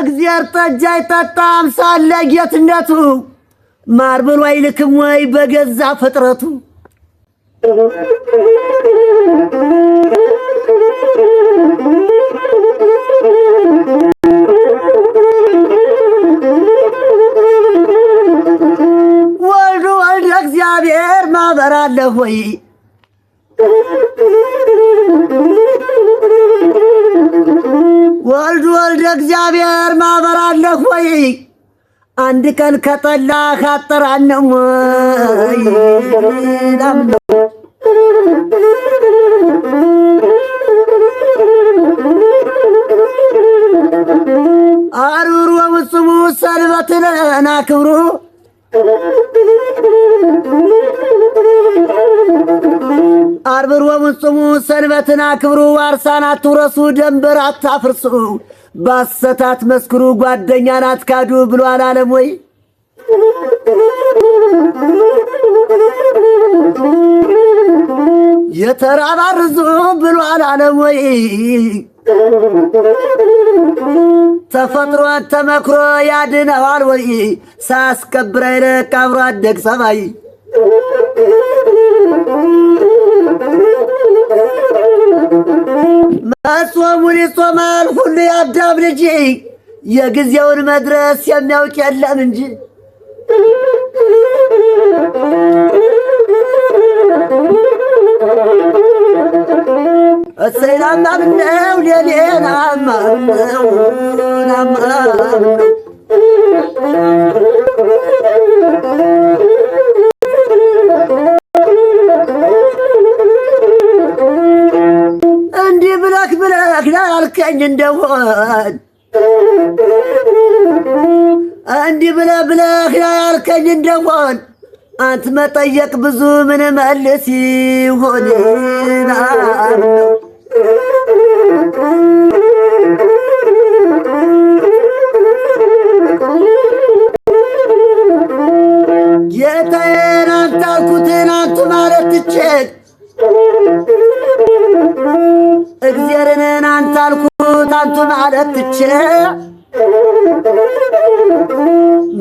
እግዚአብሔር ጠጅ አይጠጣም ሳለ ጌትነቱ ማር ብሎ አይልክም ወይ በገዛ ፍጥረቱ። ወልዱ ወልደ እግዚአብሔር ማህበር አለ ሆይ ወልደ እግዚአብሔር ማህበር አለህ ወይ? አንድ ቀን ከጠላ ካጠራነው አሩር ወውፅቡ ሰንበትነ ናክብሩ አርብ ሮብን ሰንበትን አክብሩ፣ ዋርሳን አትውረሱ፣ ደንበር አታፍርሱ፣ ባሰታት መስክሩ ጓደኛን አትካዱ ብሏል ዓለም ወይ የተራባርዙ ብሏል ዓለም ወይ ተፈጥሮ ተመክሮ ያድነዋል ወይ ሳያስከብር አይለቅ አብሮ አደግ ሰማይ እጾሙን ይጾማል ሁሉ የአዳም ልጅ የጊዜውን መድረስ የሚያውቅ የለም እንጂ እስራኤል አማምነው ሌሌን አማምነው አምላክ ብለህ ላልከኝ እንደው እንዲህ ብለህ ብለህ እንደሆን አንተ መጠየቅ ብዙ ምን መልስ ይሆን ጌታዬን አንተ አልኩትን አንተ ማለት ትቼ እግዚአብሔርን አንተ አልኩት አንቱን አለት ትቼ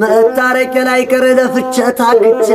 መታረቄ ላይ ቀረ ለፍቼ ታግቼ